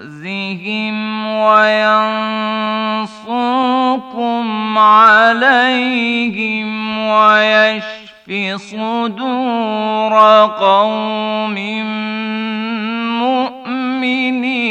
بأسهم وينصركم عليهم وَيَشْفِ صدور قوم مؤمنين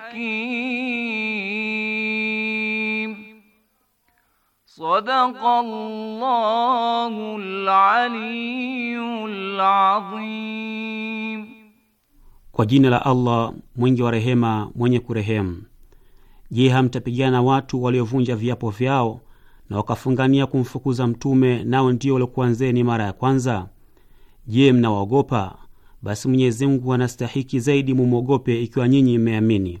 صدق الله العلي العظيم Kwa jina la Allah mwingi wa rehema mwenye kurehemu. Je, hamtapigana watu waliovunja viapo vyao na wakafungania kumfukuza Mtume, nao ndio waliokuanzeni mara ya kwanza? Je, mnawaogopa? Basi Mwenyezi Mungu anastahiki zaidi mumwogope, ikiwa nyinyi mmeamini.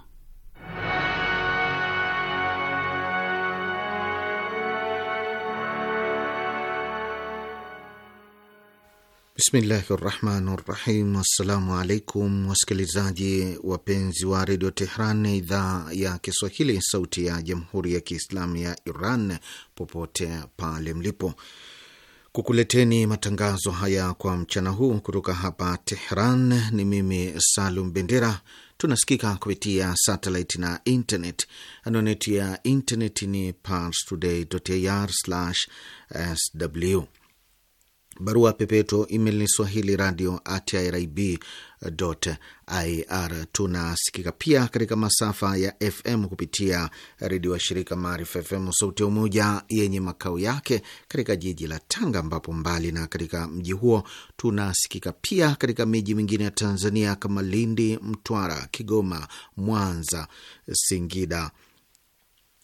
Bismillahi rahmani rahim. Assalamu alaikum wasikilizaji wapenzi wa redio Tehran, idhaa ya Kiswahili, sauti ya jamhuri ya kiislamu ya Iran, popote pale mlipo, kukuleteni matangazo haya kwa mchana huu kutoka hapa Tehran. Ni mimi Salum Bendera. Tunasikika kupitia satellite na internet. Anwani ya internet ni parstoday.ir/sw barua pepeto email ni swahili radio at irib ir. Tunasikika pia katika masafa ya FM kupitia redio wa shirika Maarifa FM Sauti ya Umoja yenye makao yake katika jiji la Tanga, ambapo mbali na katika mji huo tunasikika pia katika miji mingine ya Tanzania kama Lindi, Mtwara, Kigoma, Mwanza, Singida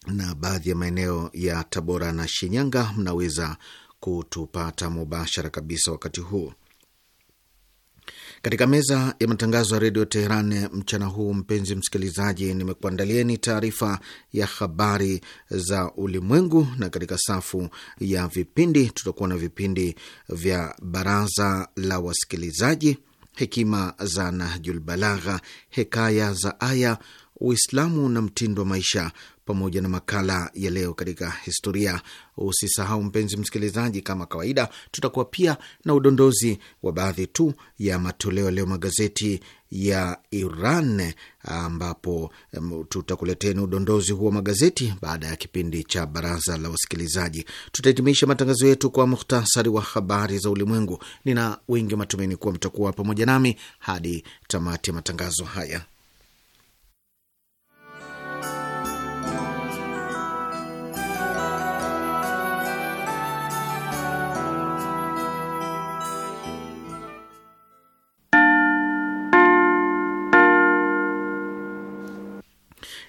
na baadhi ya maeneo ya Tabora na Shinyanga. Mnaweza kutupata mubashara kabisa wakati huu katika meza ya matangazo ya redio Teheran mchana huu. Mpenzi msikilizaji, nimekuandalieni taarifa ya habari za ulimwengu, na katika safu ya vipindi tutakuwa na vipindi vya baraza la wasikilizaji, hekima za Nahjul Balagha, hekaya za aya Uislamu na mtindo wa maisha, pamoja na makala ya leo katika historia. Usisahau mpenzi msikilizaji, kama kawaida, tutakuwa pia na udondozi wa baadhi tu ya matoleo leo magazeti ya Iran, ambapo tutakuleteni udondozi huo magazeti baada ya kipindi cha baraza la wasikilizaji. Tutahitimisha matangazo yetu kwa muhtasari wa habari za ulimwengu. Nina wingi matumaini kuwa mtakuwa pamoja nami hadi tamati ya matangazo haya.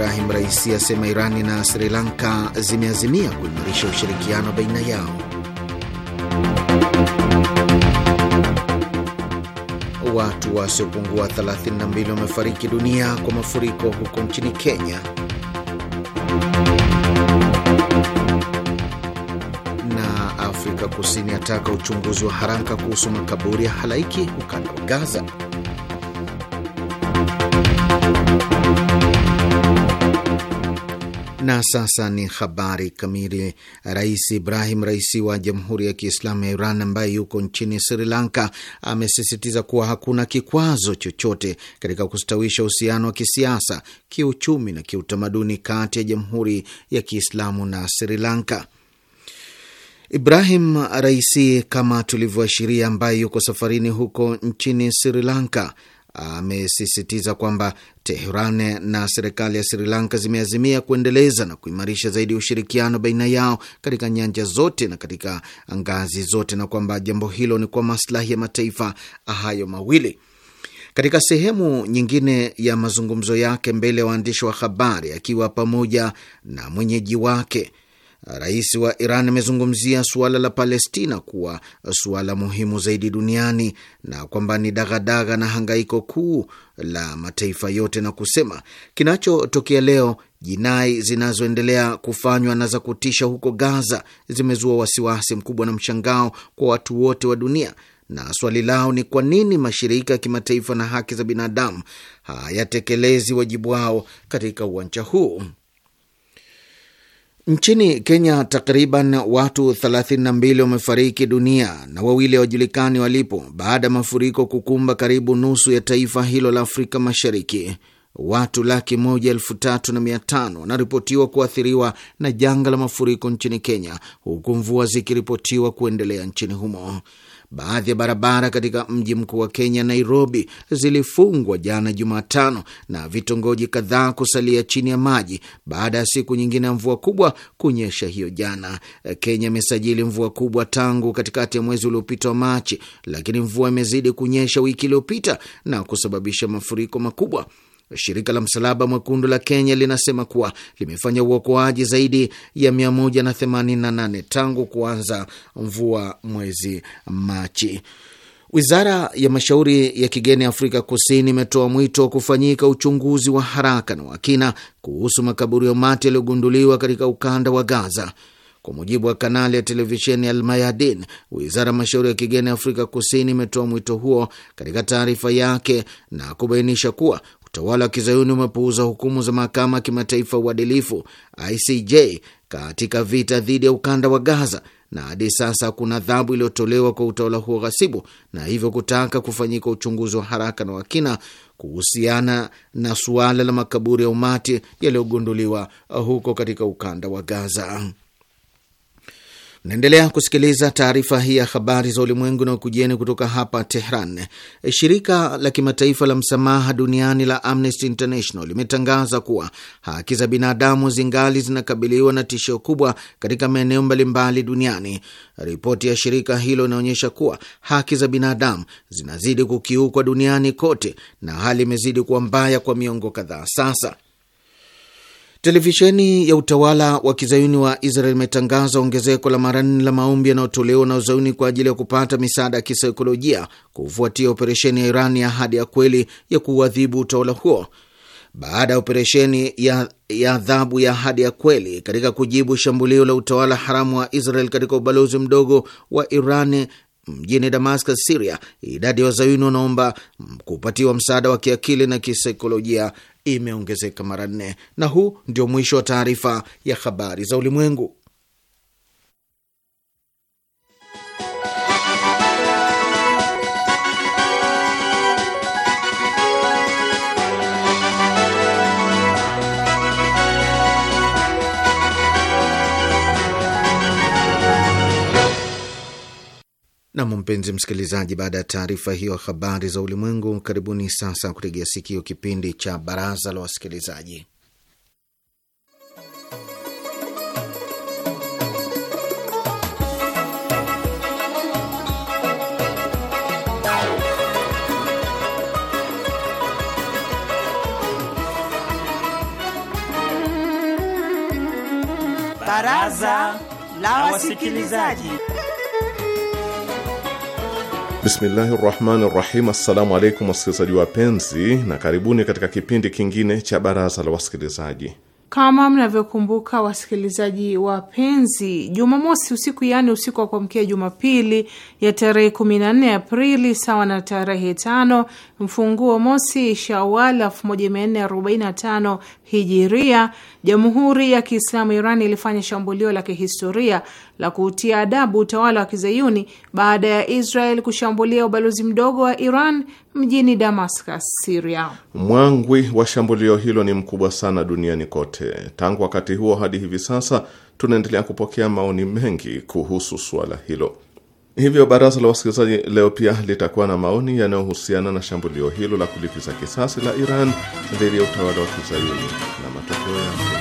Ibrahim Raisi asema Irani na Sri Lanka zimeazimia kuimarisha ushirikiano baina yao. Watu wasiopungua 32 wamefariki dunia kwa mafuriko huko nchini Kenya. Na Afrika Kusini ataka uchunguzi wa haraka kuhusu makaburi ya halaiki ukanda wa Gaza. Na sasa ni habari kamili. Rais Ibrahim Raisi wa Jamhuri ya Kiislamu ya Iran ambaye yuko nchini Sri Lanka amesisitiza kuwa hakuna kikwazo chochote katika kustawisha uhusiano wa kisiasa, kiuchumi na kiutamaduni kati ya Jamhuri ya Kiislamu na Sri Lanka. Ibrahim Raisi, kama tulivyoashiria, ambaye yuko safarini huko nchini Sri Lanka amesisitiza kwamba Teheran na serikali ya Sri Lanka zimeazimia kuendeleza na kuimarisha zaidi ushirikiano baina yao katika nyanja zote na katika ngazi zote, na kwamba jambo hilo ni kwa maslahi ya mataifa hayo mawili. Katika sehemu nyingine ya mazungumzo yake mbele ya waandishi wa habari, akiwa pamoja na mwenyeji wake rais wa Iran amezungumzia suala la Palestina kuwa suala muhimu zaidi duniani na kwamba ni dagadaga na hangaiko kuu la mataifa yote, na kusema kinachotokea leo, jinai zinazoendelea kufanywa na za kutisha huko Gaza zimezua wasiwasi mkubwa na mshangao kwa watu wote wa dunia na swali lao ni kwa nini mashirika ya kimataifa na haki za binadamu hayatekelezi wajibu wao katika uwanja huu. Nchini Kenya, takriban watu 32 wamefariki dunia na wawili hawajulikani walipo baada ya mafuriko kukumba karibu nusu ya taifa hilo la Afrika Mashariki. Watu laki moja elfu tatu na mia tano wanaripotiwa kuathiriwa na janga la mafuriko nchini Kenya, huku mvua zikiripotiwa kuendelea nchini humo. Baadhi ya barabara katika mji mkuu wa Kenya, Nairobi, zilifungwa jana Jumatano na vitongoji kadhaa kusalia chini ya maji baada ya siku nyingine ya mvua kubwa kunyesha hiyo jana. Kenya imesajili mvua kubwa tangu katikati ya mwezi uliopita wa Machi, lakini mvua imezidi kunyesha wiki iliyopita na kusababisha mafuriko makubwa. Shirika la Msalaba Mwekundu la Kenya linasema kuwa limefanya uokoaji zaidi ya 188 tangu kuanza mvua mwezi Machi. Wizara ya mashauri ya kigeni Afrika Kusini imetoa mwito wa kufanyika uchunguzi wa haraka na wa kina kuhusu makaburi ya umati yaliyogunduliwa katika ukanda wa Gaza. Kwa mujibu wa kanali ya televisheni ya Almayadin, wizara ya mashauri ya kigeni Afrika Kusini imetoa mwito huo katika taarifa yake na kubainisha kuwa Utawala wa kizayuni umepuuza hukumu za mahakama ya kimataifa ya uadilifu ICJ katika vita dhidi ya ukanda wa Gaza, na hadi sasa hakuna adhabu iliyotolewa kwa utawala huo ghasibu, na hivyo kutaka kufanyika uchunguzi wa haraka na wakina kuhusiana na suala la makaburi ya umati yaliyogunduliwa huko katika ukanda wa Gaza. Naendelea kusikiliza taarifa hii ya habari za ulimwengu na ukujieni kutoka hapa Tehran. Shirika la kimataifa la msamaha duniani la Amnesty International limetangaza kuwa haki za binadamu zingali zinakabiliwa na tishio kubwa katika maeneo mbalimbali duniani. Ripoti ya shirika hilo inaonyesha kuwa haki za binadamu zinazidi kukiukwa duniani kote na hali imezidi kuwa mbaya kwa miongo kadhaa sasa. Televisheni ya utawala wa kizayuni wa Israel imetangaza ongezeko la mara nne la maombi yanayotolewa na uzayuni kwa ajili ya kupata misaada ya kisaikolojia kufuatia operesheni ya Iran ya ahadi ya kweli ya kuuadhibu utawala huo. Baada ya operesheni ya adhabu ya ahadi ya kweli katika kujibu shambulio la utawala haramu wa Israel katika ubalozi mdogo wa Iran mjini Damascus, Siria, idadi ya wazayuni wanaomba kupatiwa msaada wa kiakili na kisaikolojia imeongezeka mara nne. Na huu ndio mwisho wa taarifa ya habari za ulimwengu. Nam, mpenzi msikilizaji, baada ya taarifa hiyo habari za ulimwengu, karibuni sasa kutegea sikio kipindi cha baraza la wasikilizaji. Baraza la wasikilizaji. Bismillahi rahmani rahim. Assalamu alaikum wasikilizaji wapenzi, na karibuni katika kipindi kingine cha baraza la wasikilizaji. Kama mnavyokumbuka wasikilizaji wapenzi, Jumamosi usiku, yaani usiku wa kuamkia Jumapili ya tarehe 14 Aprili sawa na tarehe tano mfunguo mosi Shawal 1445 Hijiria, Jamhuri ya Kiislamu Iran ilifanya shambulio la kihistoria la kuutia adabu utawala wa kizayuni baada ya Israel kushambulia ubalozi mdogo wa Iran mjini Damascus, Siria. Mwangwi wa shambulio hilo ni mkubwa sana duniani kote yote. Tangu wakati huo hadi hivi sasa tunaendelea kupokea maoni mengi kuhusu suala hilo. Hivyo baraza la wasikilizaji leo pia litakuwa na maoni yanayohusiana na shambulio hilo la kulipiza kisasi la Iran dhidi ya utawala wa kizayuni na matokeo yake.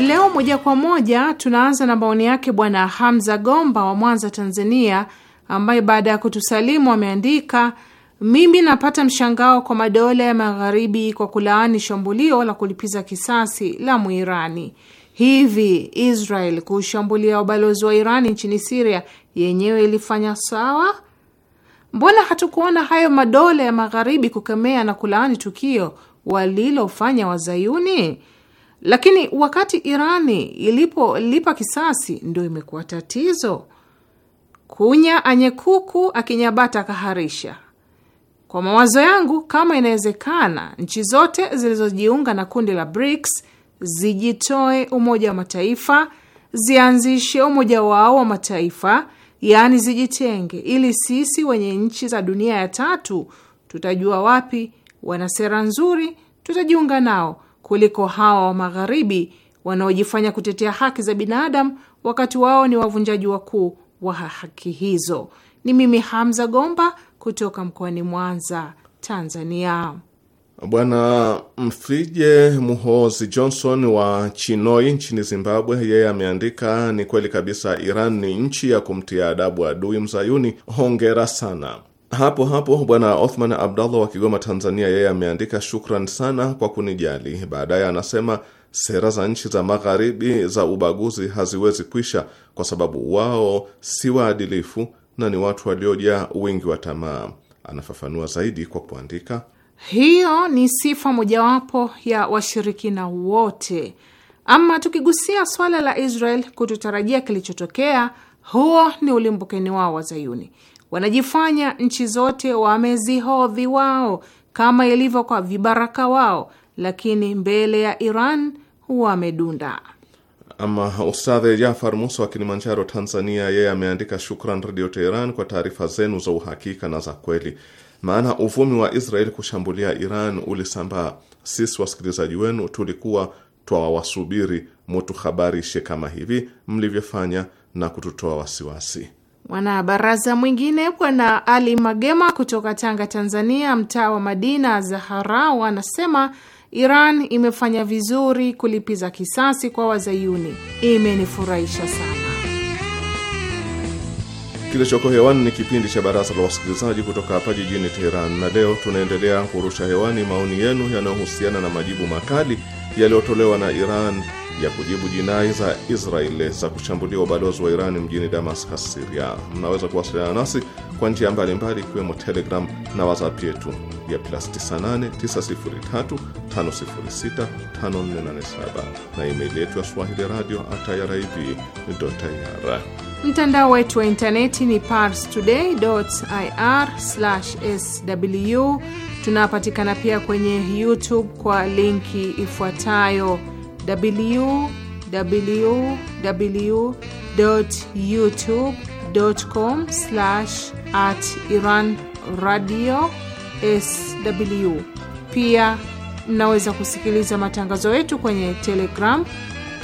Leo moja kwa moja tunaanza na maoni yake Bwana Hamza Gomba wa Mwanza, Tanzania, ambaye baada ya kutusalimu ameandika mimi napata mshangao kwa madola ya magharibi kwa kulaani shambulio la kulipiza kisasi la Mwirani. Hivi Israel kushambulia ubalozi wa Irani nchini Siria yenyewe ilifanya sawa? Mbona hatukuona hayo madola ya magharibi kukemea na kulaani tukio walilofanya Wazayuni? Lakini wakati Irani ilipolipa kisasi ndio imekuwa tatizo. Kunya anyekuku akinyabata kaharisha. Kwa mawazo yangu, kama inawezekana, nchi zote zilizojiunga na kundi la BRICS zijitoe Umoja wa Mataifa, zianzishe umoja wao wa mataifa, yaani zijitenge, ili sisi wenye nchi za dunia ya tatu tutajua wapi wana sera nzuri, tutajiunga nao kuliko hawa wa magharibi wanaojifanya kutetea haki za binadamu wakati wao ni wavunjaji wakuu wa haki hizo. Ni mimi Hamza Gomba kutoka mkoani Mwanza, Tanzania. Bwana Mfrije Muhozi Johnson wa Chinoi nchini Zimbabwe, yeye ameandika: ni kweli kabisa, Iran ni nchi ya kumtia adabu adui mzayuni. Hongera sana. Hapo hapo bwana Othman Abdallah wa Kigoma, Tanzania, yeye ameandika shukran sana kwa kunijali. Baadaye anasema sera za nchi za magharibi za ubaguzi haziwezi kwisha kwa sababu wao si waadilifu na ni watu waliojaa wingi wa tamaa. Anafafanua zaidi kwa kuandika, hiyo ni sifa mojawapo ya washirikina wote. Ama tukigusia swala la Israel, kututarajia kilichotokea, huo ni ulimbukeni wao wa Zayuni. Wanajifanya nchi zote wamezihodhi wao kama ilivyo kwa vibaraka wao, lakini mbele ya Iran wamedunda. Ama Ustadhe Jafar Musa wa Kilimanjaro, Tanzania, yeye ameandika shukran Redio Teheran kwa taarifa zenu za uhakika na za kweli, maana uvumi wa Israeli kushambulia Iran ulisambaa. Sisi wasikilizaji wenu tulikuwa twawasubiri mutuhabarishe kama hivi mlivyofanya na kututoa wasiwasi. Mwanabaraza mwingine Bwana Ali Magema kutoka Tanga, Tanzania, mtaa wa Madina Zaharau, anasema Iran imefanya vizuri kulipiza kisasi kwa Wazayuni, imenifurahisha sana. Kilichoko hewani ni kipindi cha Baraza la Wasikilizaji kutoka hapa jijini Teheran, na leo tunaendelea kurusha hewani maoni yenu yanayohusiana na majibu makali yaliyotolewa na Iran ya kujibu jinai za Israeli za kushambulia ubalozi wa iran mjini Damascus, Syria. Mnaweza kuwasiliana nasi kwa njia mbalimbali ikiwemo Telegram na WhatsApp yetu ya plus 989035065487 na email yetu ya swahili radio irib.ir. Mtandao wetu wa intaneti ni parstoday.ir/sw. Tunapatikana pia kwenye YouTube kwa linki ifuatayo www.youtube.com at Iran radio sw. Pia mnaweza kusikiliza matangazo yetu kwenye Telegram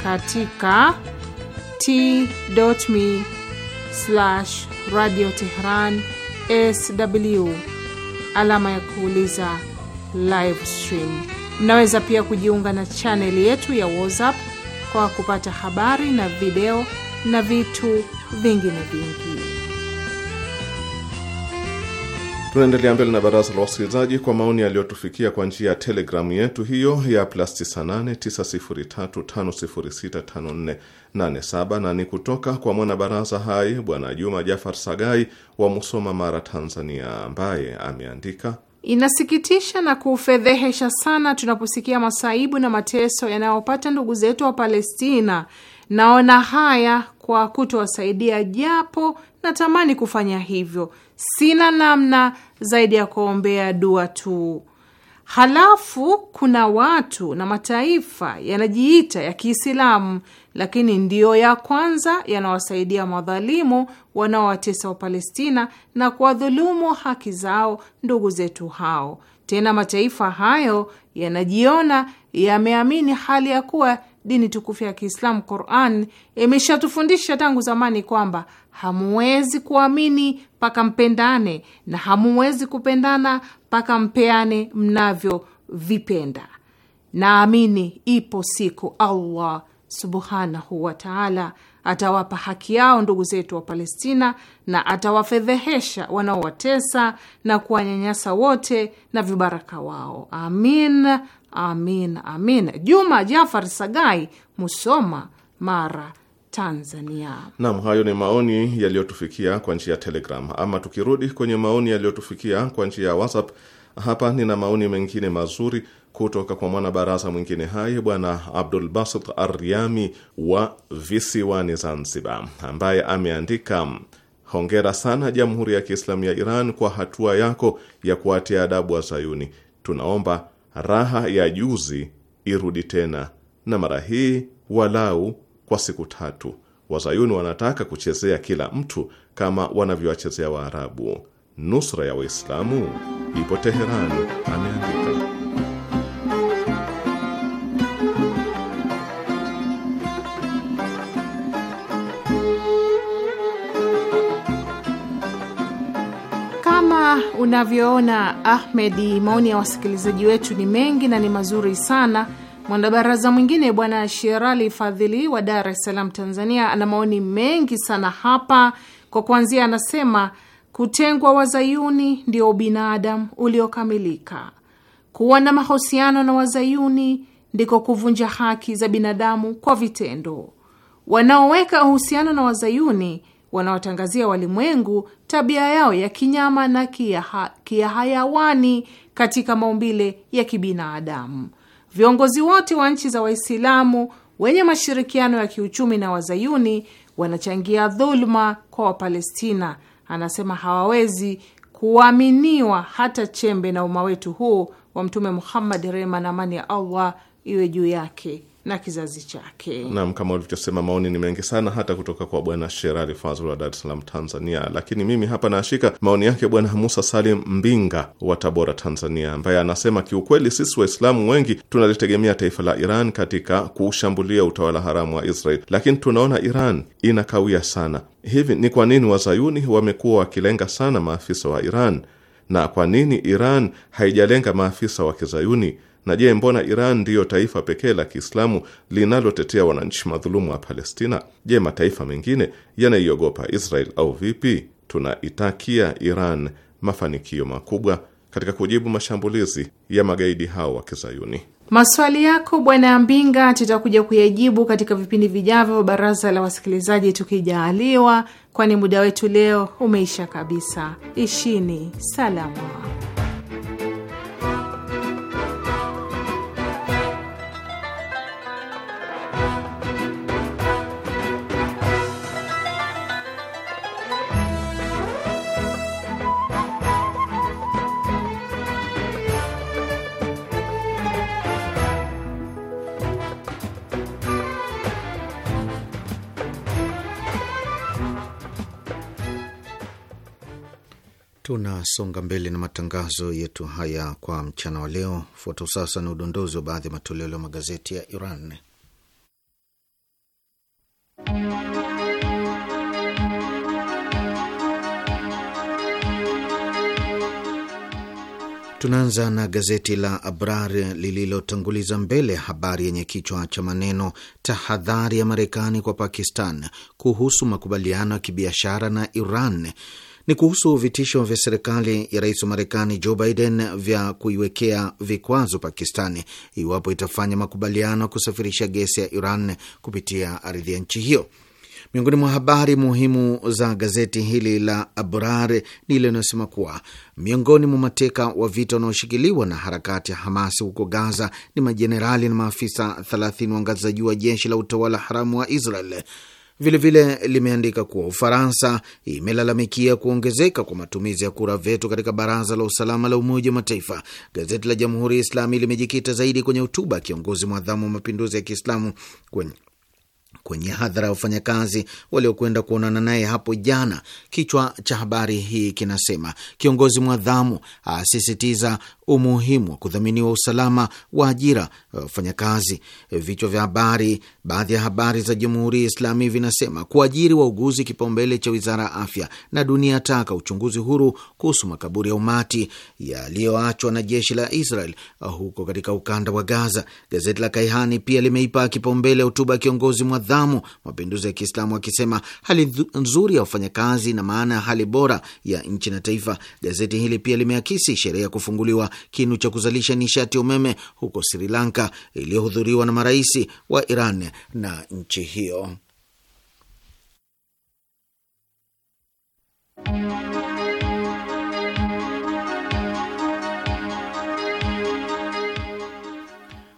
katika t.me radio Tehran sw alama ya kuuliza live stream. Mnaweza pia kujiunga na chaneli yetu ya WhatsApp kwa kupata habari na video na vitu vingine vingi. Tunaendelea mbele na baraza la wasikilizaji kwa maoni yaliyotufikia kwa njia ya telegramu yetu hiyo ya plus 989035065487 na ni kutoka kwa mwanabaraza hai Bwana Juma Jafar Sagai wa Musoma, Mara, Tanzania, ambaye ameandika Inasikitisha na kufedhehesha sana tunaposikia masaibu na mateso yanayopata ndugu zetu wa Palestina. Naona haya kwa kutowasaidia, japo natamani kufanya hivyo. Sina namna zaidi ya kuombea dua tu. Halafu kuna watu na mataifa yanajiita ya Kiislamu lakini ndiyo ya kwanza yanawasaidia madhalimu wanaowatesa Wapalestina na kuwadhulumu haki zao ndugu zetu hao. Tena mataifa hayo yanajiona yameamini hali ya kuwa dini tukufu ya Kiislamu Quran imeshatufundisha tangu zamani kwamba hamuwezi kuamini mpaka mpendane na hamuwezi kupendana mpaka mpeane mnavyovipenda. Naamini ipo siku Allah subhanahu wa taala atawapa haki yao ndugu zetu wa Palestina na atawafedhehesha wanaowatesa na kuwanyanyasa wote na vibaraka wao. Amin, amin, amin. Juma Jafar Sagai, Musoma, Mara, Tanzania. Naam, hayo ni maoni yaliyotufikia kwa njia ya Telegram. Ama tukirudi kwenye maoni yaliyotufikia kwa njia ya WhatsApp, hapa nina maoni mengine mazuri kutoka kwa mwanabaraza mwingine hai Bwana Abdul Basit wa visiwani Zanzibar, ambaye ameandika hongera sana Jamhuri ya Kiislamu ya Iran kwa hatua yako ya kuwatia adabu wa Zayuni. Tunaomba raha ya juzi irudi tena, na mara hii walau kwa siku tatu. Wazayuni wanataka kuchezea kila mtu kama wanavyowachezea Waarabu. Nusra ya Waislamu ipo Teherani, ameandika. unavyoona Ahmedi, maoni ya wasikilizaji wetu ni mengi na ni mazuri sana. Mwanabaraza mwingine Bwana Sherali Fadhili wa Dar es Salaam, Tanzania, ana maoni mengi sana hapa. Kwa kuanzia, anasema kutengwa wazayuni ndio ubinadamu uliokamilika. Kuwa na mahusiano na wazayuni ndiko kuvunja haki za binadamu kwa vitendo. Wanaoweka uhusiano na wazayuni wanaotangazia walimwengu tabia yao ya kinyama na kiyaha, kiyahayawani katika maumbile ya kibinadamu. Viongozi wote wa nchi za Waislamu wenye mashirikiano ya kiuchumi na wazayuni wanachangia dhuluma kwa Wapalestina. Anasema hawawezi kuaminiwa hata chembe na umma wetu huu wa Mtume Muhammad, rehma na amani ya Allah iwe juu yake na kizazi chake. Naam, kama ulivyosema, maoni ni mengi sana, hata kutoka kwa bwana Sherali Fazul wa Dar es Salaam, Tanzania. Lakini mimi hapa naashika maoni yake bwana Musa Salim Mbinga wa Tabora, Tanzania, ambaye anasema kiukweli, sisi Waislamu wengi tunalitegemea taifa la Iran katika kuushambulia utawala haramu wa Israel, lakini tunaona Iran inakawia sana. Hivi ni kwa nini wazayuni wamekuwa wakilenga sana maafisa wa Iran na kwa nini Iran haijalenga maafisa wa kizayuni? Na je, mbona Iran ndiyo taifa pekee la Kiislamu linalotetea wananchi madhulumu wa Palestina? Je, mataifa mengine yanaiogopa Israel au vipi? Tunaitakia Iran mafanikio makubwa katika kujibu mashambulizi ya magaidi hao wa Kizayuni. Maswali yako Bwana Mbinga tutakuja kuyajibu katika vipindi vijavyo, baraza la wasikilizaji, tukijaaliwa, kwani muda wetu leo umeisha kabisa. Ishini salama. Tunasonga mbele na matangazo yetu haya kwa mchana wa leo. Fuata sasa na udondozi wa baadhi ya matoleo ya magazeti ya Iran. Tunaanza na gazeti la Abrar lililotanguliza mbele habari yenye kichwa cha maneno tahadhari ya Marekani kwa Pakistan kuhusu makubaliano ya kibiashara na Iran ni kuhusu vitisho vya serikali ya rais wa Marekani Joe Biden vya kuiwekea vikwazo Pakistani iwapo itafanya makubaliano ya kusafirisha gesi ya Iran kupitia ardhi ya nchi hiyo. Miongoni mwa habari muhimu za gazeti hili la Abrar ni ile inayosema kuwa miongoni mwa mateka wa vita wanaoshikiliwa na harakati ya hamas huko Gaza ni majenerali na maafisa 30 wa ngazi za juu wa jeshi la utawala haramu wa Israel. Vilevile limeandika kuwa Ufaransa imelalamikia kuongezeka kwa matumizi ya kura vetu katika baraza la usalama la Umoja wa Mataifa. Gazeti la Jamhuri ya Islami limejikita zaidi kwenye hotuba ya kiongozi mwadhamu wa mapinduzi ya Kiislamu kwenye kwenye hadhara ya wafanyakazi waliokwenda kuonana naye hapo jana. Kichwa cha habari hii kinasema kiongozi mwadhamu asisitiza umuhimu wa kudhaminiwa usalama wa ajira wafanyakazi. Vichwa vya habari, baadhi ya habari za Jamhuri ya Islami vinasema kuajiri wauguzi kipaumbele cha wizara ya afya, na dunia yataka uchunguzi huru kuhusu makaburi ya umati yaliyoachwa na jeshi la Israel huko katika ukanda wa Gaza. Gazeti la Kaihani pia limeipa kipaumbele hotuba ya kiongozi mwadhamu Kiislamu, mapinduzi ya Kiislamu akisema hali nzuri ya wafanyakazi na maana ya hali bora ya nchi na taifa. Gazeti hili pia limeakisi sherehe ya kufunguliwa kinu cha kuzalisha nishati ya umeme huko Sri Lanka iliyohudhuriwa na marais wa Iran na nchi hiyo.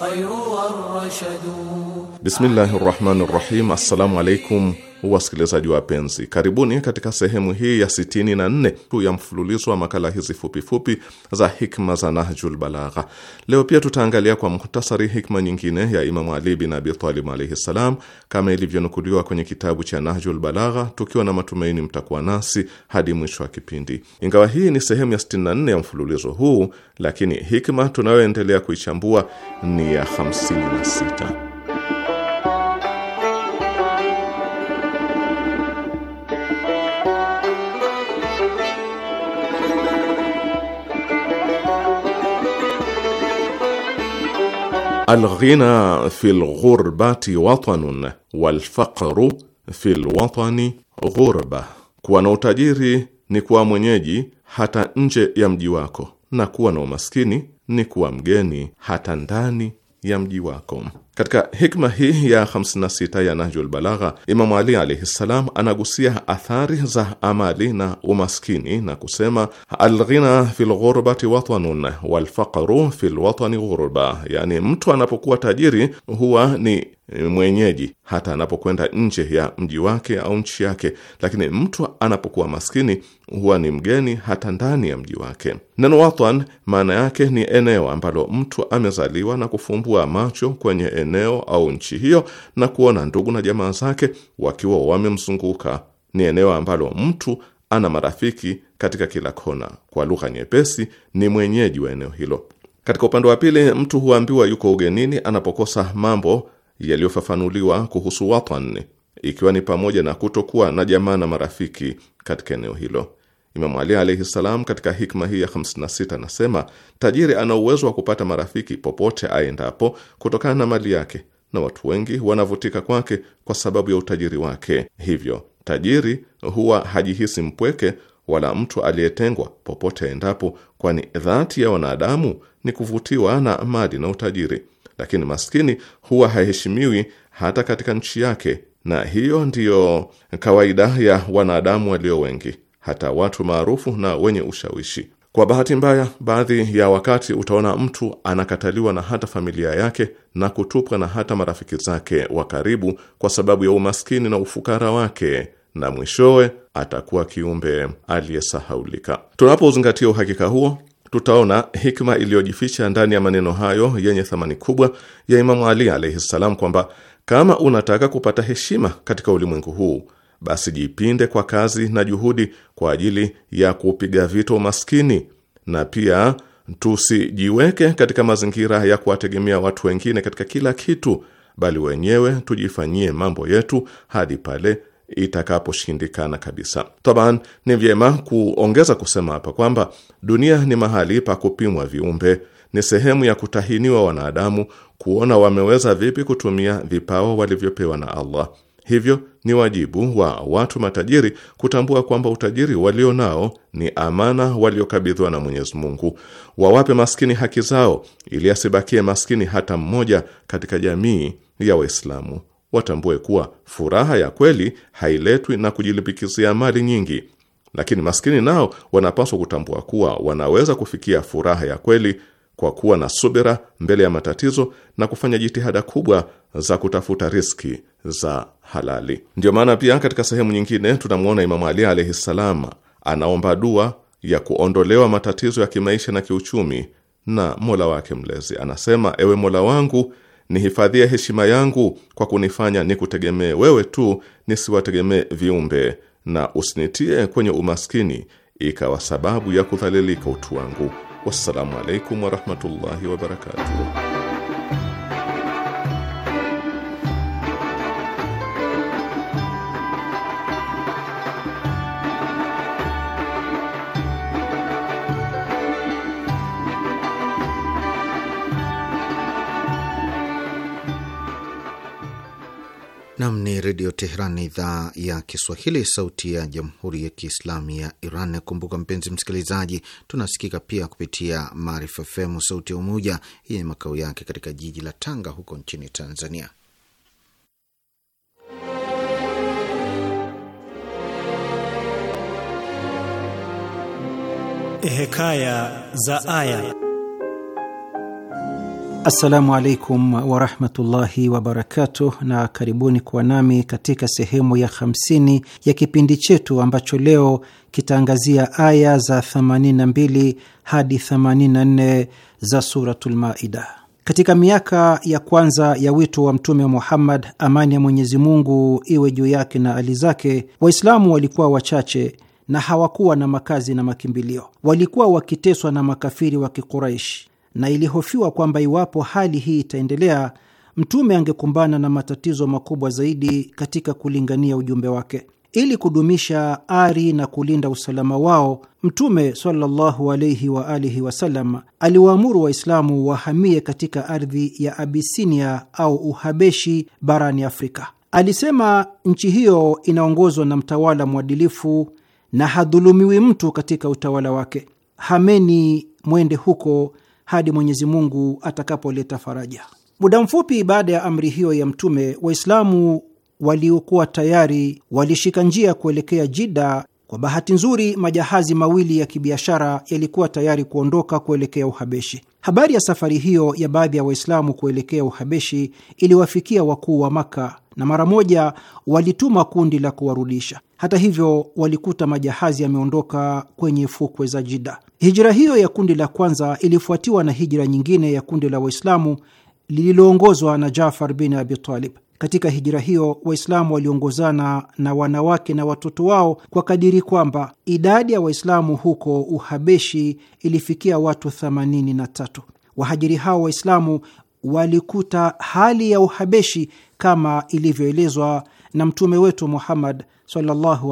خير والرشد بسم الله الرحمن الرحيم السلام عليكم wasikilizaji wapenzi, karibuni katika sehemu hii ya 64 tu ya mfululizo wa makala hizi fupifupi za hikma za Nahjul Balagha. Leo pia tutaangalia kwa muhtasari hikma nyingine ya Imamu Ali bin Abi Talib alaihi ssalam, kama ilivyonukuliwa kwenye kitabu cha Nahjul Balagha, tukiwa na matumaini mtakuwa nasi hadi mwisho wa kipindi. Ingawa hii ni sehemu ya 64 ya mfululizo huu, lakini hikma tunayoendelea kuichambua ni ya 56. Alghina fi lghurbati watanun walfaqru fi lwatani ghurba, kuwa na utajiri ni kuwa mwenyeji hata nje ya mji wako, na kuwa na umaskini ni kuwa mgeni hata ndani ya mji wako. Katika hikma hii ya 56 ya Nahjul Balagha, Imamu Ali alaihi ssalam anagusia athari za amali na umaskini na kusema, alghina fi lghurbati watanun walfaqru fi lwatani ghurba, yaani mtu anapokuwa tajiri huwa ni mwenyeji hata anapokwenda nje ya mji wake au nchi yake, lakini mtu anapokuwa maskini huwa ni mgeni hata ndani ya mji wake. Neno watan maana yake ni eneo ambalo mtu amezaliwa na kufumbua macho kwenye eneo au nchi hiyo na kuona ndugu na jamaa zake wakiwa wamemzunguka. Ni eneo ambalo mtu ana marafiki katika kila kona. Kwa lugha nyepesi, ni mwenyeji wa eneo hilo. Katika upande wa pili, mtu huambiwa yuko ugenini anapokosa mambo yaliyofafanuliwa kuhusu watan, ikiwa ni pamoja na kutokuwa na jamaa na marafiki katika eneo hilo. Imamu Ali alaihi ssalam, katika hikma hii ya 56 anasema tajiri ana uwezo wa kupata marafiki popote aendapo kutokana na mali yake, na watu wengi wanavutika kwake kwa sababu ya utajiri wake. Hivyo tajiri huwa hajihisi mpweke wala mtu aliyetengwa popote aendapo, kwani dhati ya wanadamu ni kuvutiwa na mali na utajiri lakini maskini huwa haheshimiwi hata katika nchi yake, na hiyo ndiyo kawaida ya wanadamu walio wengi, hata watu maarufu na wenye ushawishi. Kwa bahati mbaya, baadhi ya wakati utaona mtu anakataliwa na hata familia yake na kutupwa na hata marafiki zake wa karibu kwa sababu ya umaskini na ufukara wake, na mwishowe atakuwa kiumbe aliyesahaulika. Tunapozingatia uhakika huo tutaona hikma iliyojificha ndani ya maneno hayo yenye thamani kubwa ya Imamu Ali alaihi ssalam, kwamba kama unataka kupata heshima katika ulimwengu huu, basi jipinde kwa kazi na juhudi kwa ajili ya kupiga vita umaskini, na pia tusijiweke katika mazingira ya kuwategemea watu wengine katika kila kitu, bali wenyewe tujifanyie mambo yetu hadi pale itakaposhindikana kabisa. Taban, ni vyema kuongeza kusema hapa kwamba dunia ni mahali pa kupimwa viumbe, ni sehemu ya kutahiniwa wanadamu kuona wameweza vipi kutumia vipawa walivyopewa na Allah. Hivyo ni wajibu wa watu matajiri kutambua kwamba utajiri walio nao ni amana waliokabidhiwa na Mwenyezi Mungu. Wawape maskini haki zao, ili asibakie maskini hata mmoja katika jamii ya Waislamu watambue kuwa furaha ya kweli hailetwi na kujilimbikizia mali nyingi, lakini maskini nao wanapaswa kutambua kuwa wanaweza kufikia furaha ya kweli kwa kuwa na subira mbele ya matatizo na kufanya jitihada kubwa za kutafuta riski za halali. Ndiyo maana pia katika sehemu nyingine tunamwona Imamu Ali alaihi ssalam anaomba dua ya kuondolewa matatizo ya kimaisha na kiuchumi na mola wake mlezi. Anasema, ewe mola wangu nihifadhie heshima yangu kwa kunifanya nikutegemee wewe tu, nisiwategemee viumbe, na usinitie kwenye umaskini ikawa sababu ya kudhalilika utu wangu. Wassalamu alaikum warahmatullahi wabarakatuh. Nam ni Redio Teheran, idhaa ya Kiswahili, sauti ya jamhuri ya kiislamu ya Iran. Kumbuka mpenzi msikilizaji, tunasikika pia kupitia Maarifa FM, sauti ya Umoja, yenye makao yake katika jiji la Tanga huko nchini Tanzania. Hekaya za Aya. Assalamu alaikum warahmatullahi wabarakatuh, na karibuni kuwa nami katika sehemu ya 50 ya kipindi chetu ambacho leo kitaangazia aya za 82 hadi 84 za Suratul Maida. Katika miaka ya kwanza ya wito wa Mtume Muhammad, amani ya Mwenyezi Mungu iwe juu yake na ali zake, Waislamu walikuwa wachache na hawakuwa na makazi na makimbilio. Walikuwa wakiteswa na makafiri wa Kikuraishi na ilihofiwa kwamba iwapo hali hii itaendelea, Mtume angekumbana na matatizo makubwa zaidi katika kulingania ujumbe wake. Ili kudumisha ari na kulinda usalama wao, Mtume sallallahu alaihi wa alihi wasallam aliwaamuru Waislamu wahamie katika ardhi ya Abisinia au Uhabeshi barani Afrika. Alisema nchi hiyo inaongozwa na mtawala mwadilifu na hadhulumiwi mtu katika utawala wake. Hameni mwende huko hadi Mwenyezi Mungu atakapoleta faraja. Muda mfupi baada ya amri hiyo ya Mtume, Waislamu waliokuwa tayari walishika njia kuelekea Jida kwa bahati nzuri, majahazi mawili ya kibiashara yalikuwa tayari kuondoka kuelekea Uhabeshi. Habari ya safari hiyo ya baadhi ya Waislamu kuelekea Uhabeshi iliwafikia wakuu wa Maka na mara moja walituma kundi la kuwarudisha. Hata hivyo, walikuta majahazi yameondoka kwenye fukwe za Jida. Hijira hiyo ya kundi la kwanza ilifuatiwa na hijira nyingine ya kundi la Waislamu lililoongozwa na Jafar bin Abi Talib. Katika hijira hiyo Waislamu waliongozana na wanawake na watoto wao kwa kadiri kwamba idadi ya Waislamu huko Uhabeshi ilifikia watu 83. Wahajiri hao Waislamu walikuta hali ya Uhabeshi kama ilivyoelezwa na mtume wetu Muhammad sallallahu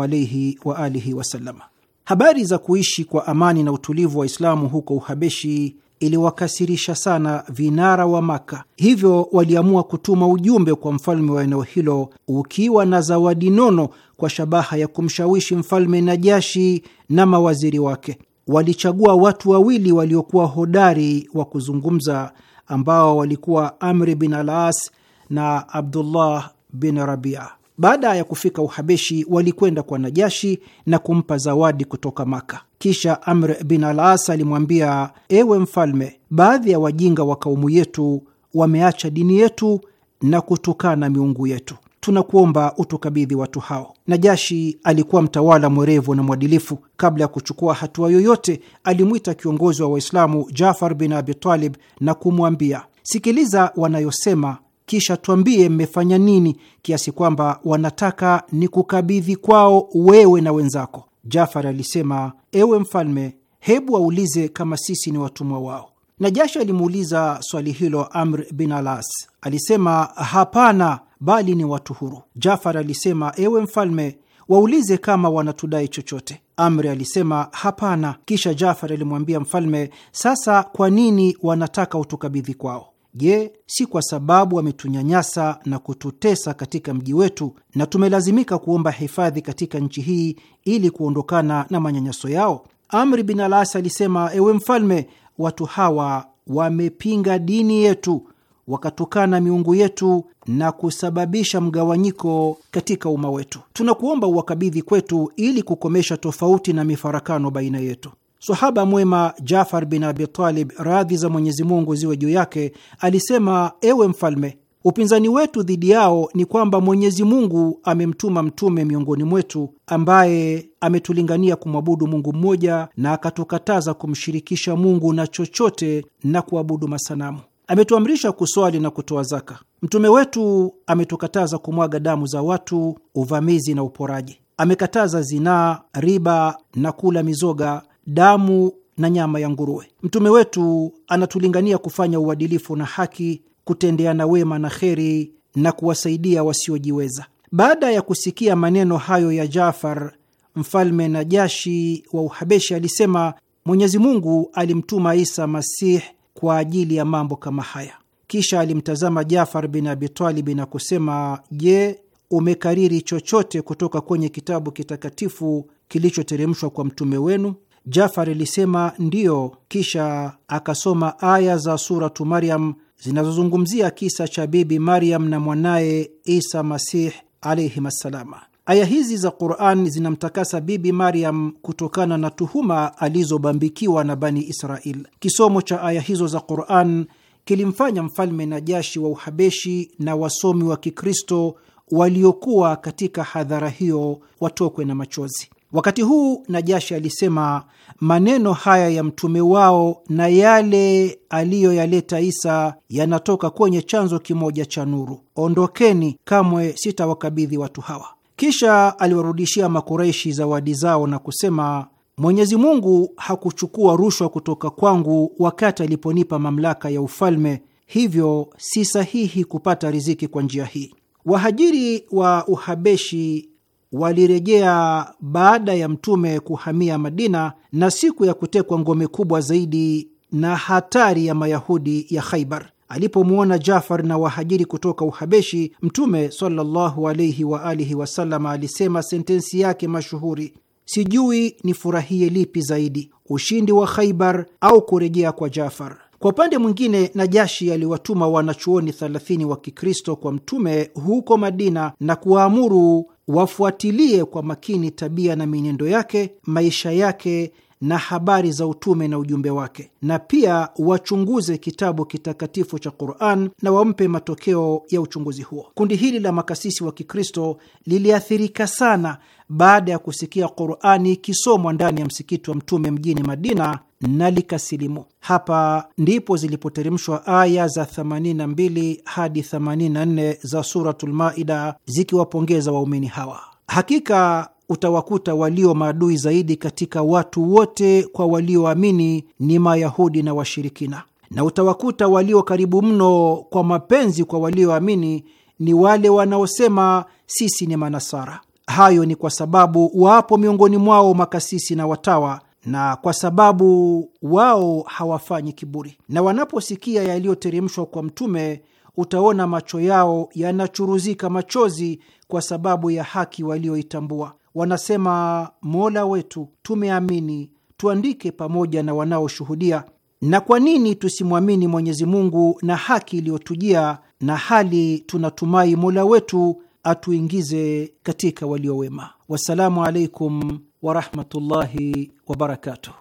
wa alihi wasallam. Habari za kuishi kwa amani na utulivu wa Waislamu huko Uhabeshi iliwakasirisha sana vinara wa Maka, hivyo waliamua kutuma ujumbe kwa mfalme wa eneo hilo ukiwa na zawadi nono kwa shabaha ya kumshawishi mfalme Najashi na mawaziri wake. Walichagua watu wawili waliokuwa hodari wa kuzungumza ambao walikuwa Amri bin Alas na Abdullah bin Rabia. Baada ya kufika Uhabeshi, walikwenda kwa Najashi na kumpa zawadi kutoka Maka. Kisha Amr bin Alas alimwambia, ewe mfalme, baadhi ya wajinga wa kaumu yetu wameacha dini yetu na kutukana miungu yetu. Tunakuomba utukabidhi watu hao. Najashi alikuwa mtawala mwerevu na mwadilifu. Kabla ya kuchukua hatua yoyote, alimwita kiongozi wa Waislamu Jafar bin Abi Talib na kumwambia, sikiliza wanayosema kisha tuambie mmefanya nini, kiasi kwamba wanataka ni kukabidhi kwao wewe na wenzako. Jafar alisema, ewe mfalme, hebu waulize kama sisi ni watumwa wao. Najashi alimuuliza swali hilo Amr bin Alas. Alisema, hapana, bali ni watu huru. Jafar alisema, ewe mfalme, waulize kama wanatudai chochote. Amri alisema hapana. Kisha Jafar alimwambia mfalme, sasa kwa nini wanataka utukabidhi kwao? Je, si kwa sababu wametunyanyasa na kututesa katika mji wetu na tumelazimika kuomba hifadhi katika nchi hii ili kuondokana na manyanyaso yao? Amri bin Alas alisema, ewe mfalme, watu hawa wamepinga dini yetu, wakatukana miungu yetu na kusababisha mgawanyiko katika umma wetu. Tunakuomba uwakabidhi kwetu ili kukomesha tofauti na mifarakano baina yetu. Sahaba mwema Jafar bin Abi Talib, radhi za Mwenyezi Mungu ziwe juu yake, alisema: ewe mfalme, upinzani wetu dhidi yao ni kwamba Mwenyezi Mungu amemtuma mtume miongoni mwetu ambaye ametulingania kumwabudu Mungu mmoja na akatukataza kumshirikisha Mungu na chochote na kuabudu masanamu. Ametuamrisha kuswali na kutoa zaka. Mtume wetu ametukataza kumwaga damu za watu, uvamizi na uporaji. Amekataza zinaa, riba na kula mizoga damu na nyama ya nguruwe. Mtume wetu anatulingania kufanya uadilifu na haki, kutendeana wema na kheri na kuwasaidia wasiojiweza. Baada ya kusikia maneno hayo ya Jafar, mfalme Najashi wa Uhabeshi alisema Mwenyezi Mungu alimtuma Isa Masih kwa ajili ya mambo kama haya. Kisha alimtazama Jafar bin Abitalibi na kusema, je, umekariri chochote kutoka kwenye kitabu kitakatifu kilichoteremshwa kwa mtume wenu? Jafar alisema ndiyo, kisha akasoma aya za Suratu Maryam zinazozungumzia kisa cha Bibi Maryam na mwanaye Isa Masih alaihim assalama. Aya hizi za Quran zinamtakasa Bibi Maryam kutokana na tuhuma alizobambikiwa na Bani Israel. Kisomo cha aya hizo za Quran kilimfanya mfalme Najashi wa Uhabeshi na wasomi wa Kikristo waliokuwa katika hadhara hiyo watokwe na machozi. Wakati huu Najashi alisema maneno haya ya mtume wao na yale aliyoyaleta Isa yanatoka kwenye chanzo kimoja cha nuru. Ondokeni, kamwe sitawakabidhi watu hawa. Kisha aliwarudishia Makureishi zawadi zao na kusema, Mwenyezi Mungu hakuchukua rushwa kutoka kwangu wakati aliponipa mamlaka ya ufalme, hivyo si sahihi kupata riziki kwa njia hii. Wahajiri wa Uhabeshi walirejea baada ya Mtume kuhamia Madina na siku ya kutekwa ngome kubwa zaidi na hatari ya Mayahudi ya Khaibar. Alipomwona Jafar na wahajiri kutoka Uhabeshi, Mtume sallallahu alaihi wa alihi wasallam alisema sentensi yake mashuhuri, sijui nifurahie lipi zaidi, ushindi wa Khaibar au kurejea kwa Jafar. Kwa upande mwingine, Najashi aliwatuma wanachuoni 30 wa Kikristo kwa Mtume huko Madina na kuwaamuru wafuatilie kwa makini tabia na mienendo yake, maisha yake na habari za utume na ujumbe wake, na pia wachunguze kitabu kitakatifu cha Quran na wampe matokeo ya uchunguzi huo. Kundi hili la makasisi wa Kikristo liliathirika sana baada ya kusikia Qurani ikisomwa ndani ya msikiti wa Mtume mjini Madina na likasilimu. Hapa ndipo zilipoteremshwa aya za 82 hadi 84 za Suratul Maida zikiwapongeza waumini hawa. Hakika utawakuta walio maadui zaidi katika watu wote kwa walioamini ni Mayahudi na washirikina, na utawakuta walio karibu mno kwa mapenzi kwa walioamini ni wale wanaosema sisi ni Manasara. Hayo ni kwa sababu wapo miongoni mwao makasisi na watawa na kwa sababu wao hawafanyi kiburi, na wanaposikia yaliyoteremshwa kwa Mtume utaona macho yao yanachuruzika machozi kwa sababu ya haki walioitambua. Wanasema, Mola wetu, tumeamini, tuandike pamoja na wanaoshuhudia. Na kwa nini tusimwamini Mwenyezi Mungu na haki iliyotujia, na hali tunatumai Mola wetu atuingize katika waliowema? Wassalamu alaikum ورحمه الله وبركاته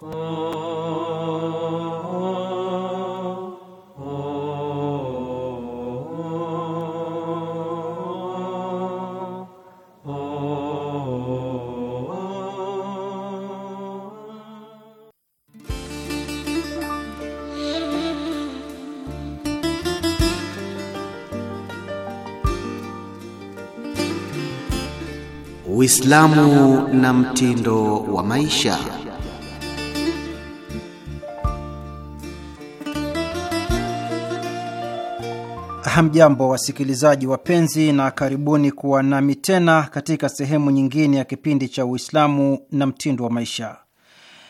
Uislamu na mtindo wa maisha. Hamjambo wasikilizaji wapenzi, na karibuni kuwa nami tena katika sehemu nyingine ya kipindi cha Uislamu na mtindo wa maisha.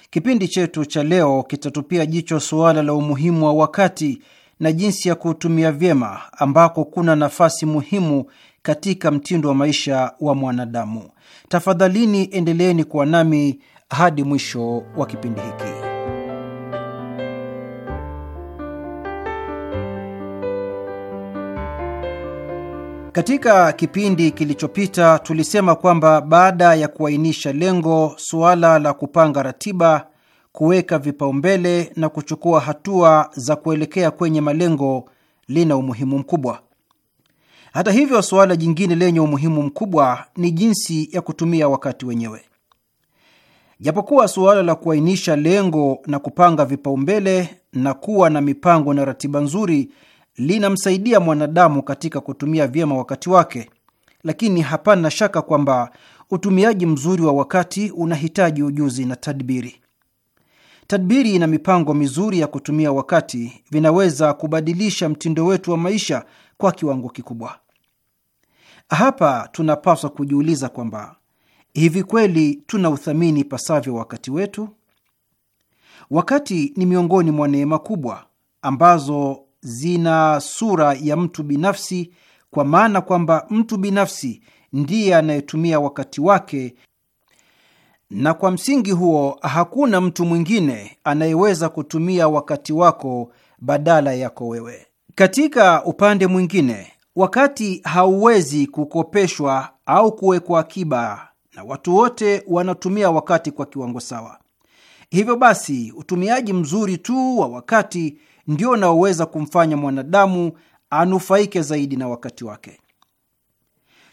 Kipindi chetu cha leo kitatupia jicho suala la umuhimu wa wakati na jinsi ya kuutumia vyema, ambako kuna nafasi muhimu katika mtindo wa maisha wa mwanadamu. Tafadhalini endeleeni kuwa nami hadi mwisho wa kipindi hiki. Katika kipindi kilichopita tulisema kwamba baada ya kuainisha lengo, suala la kupanga ratiba kuweka vipaumbele na kuchukua hatua za kuelekea kwenye malengo lina umuhimu mkubwa. Hata hivyo, suala jingine lenye umuhimu mkubwa ni jinsi ya kutumia wakati wenyewe. Japokuwa suala la kuainisha lengo na kupanga vipaumbele na kuwa na mipango na ratiba nzuri linamsaidia mwanadamu katika kutumia vyema wakati wake, lakini hapana shaka kwamba utumiaji mzuri wa wakati unahitaji ujuzi na tadbiri. Tadbiri na mipango mizuri ya kutumia wakati vinaweza kubadilisha mtindo wetu wa maisha kwa kiwango kikubwa. Hapa tunapaswa kujiuliza kwamba hivi kweli tuna uthamini pasavyo wakati wetu? Wakati ni miongoni mwa neema kubwa ambazo zina sura ya mtu binafsi, kwa maana kwamba mtu binafsi ndiye anayetumia wakati wake na kwa msingi huo hakuna mtu mwingine anayeweza kutumia wakati wako badala yako wewe. Katika upande mwingine, wakati hauwezi kukopeshwa au kuwekwa akiba, na watu wote wanatumia wakati kwa kiwango sawa. Hivyo basi, utumiaji mzuri tu wa wakati ndio unaoweza kumfanya mwanadamu anufaike zaidi na wakati wake.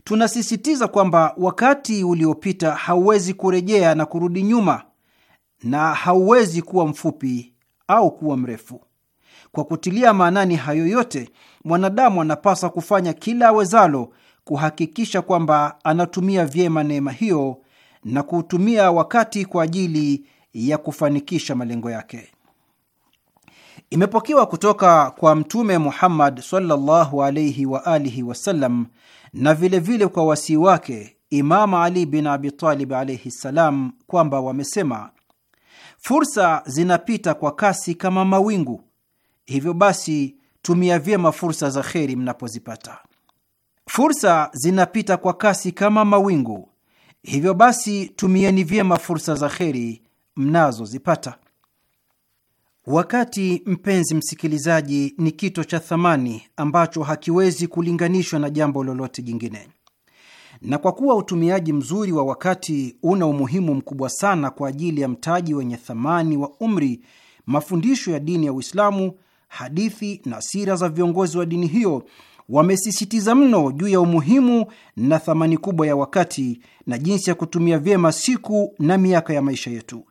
Tunasisitiza kwamba wakati uliopita hauwezi kurejea na kurudi nyuma na hauwezi kuwa mfupi au kuwa mrefu. Kwa kutilia maanani hayo yote, mwanadamu anapaswa kufanya kila awezalo kuhakikisha kwamba anatumia vyema neema hiyo na kuutumia wakati kwa ajili ya kufanikisha malengo yake. Imepokewa kutoka kwa Mtume Muhammad sallallahu alaihi wa alihi wasallam na vilevile vile kwa wasii wake Imam Ali bin Abi Talib alaihi ssalam kwamba wamesema, fursa zinapita kwa kasi kama mawingu, hivyo basi tumia vyema fursa za kheri mnapozipata. Fursa zinapita kwa kasi kama mawingu, hivyo basi tumieni vyema fursa za kheri mnazozipata. Wakati mpenzi msikilizaji, ni kito cha thamani ambacho hakiwezi kulinganishwa na jambo lolote jingine, na kwa kuwa utumiaji mzuri wa wakati una umuhimu mkubwa sana kwa ajili ya mtaji wenye thamani wa umri, mafundisho ya dini ya Uislamu, hadithi na sira za viongozi wa dini hiyo wamesisitiza mno juu ya umuhimu na thamani kubwa ya wakati na jinsi ya kutumia vyema siku na miaka ya maisha yetu.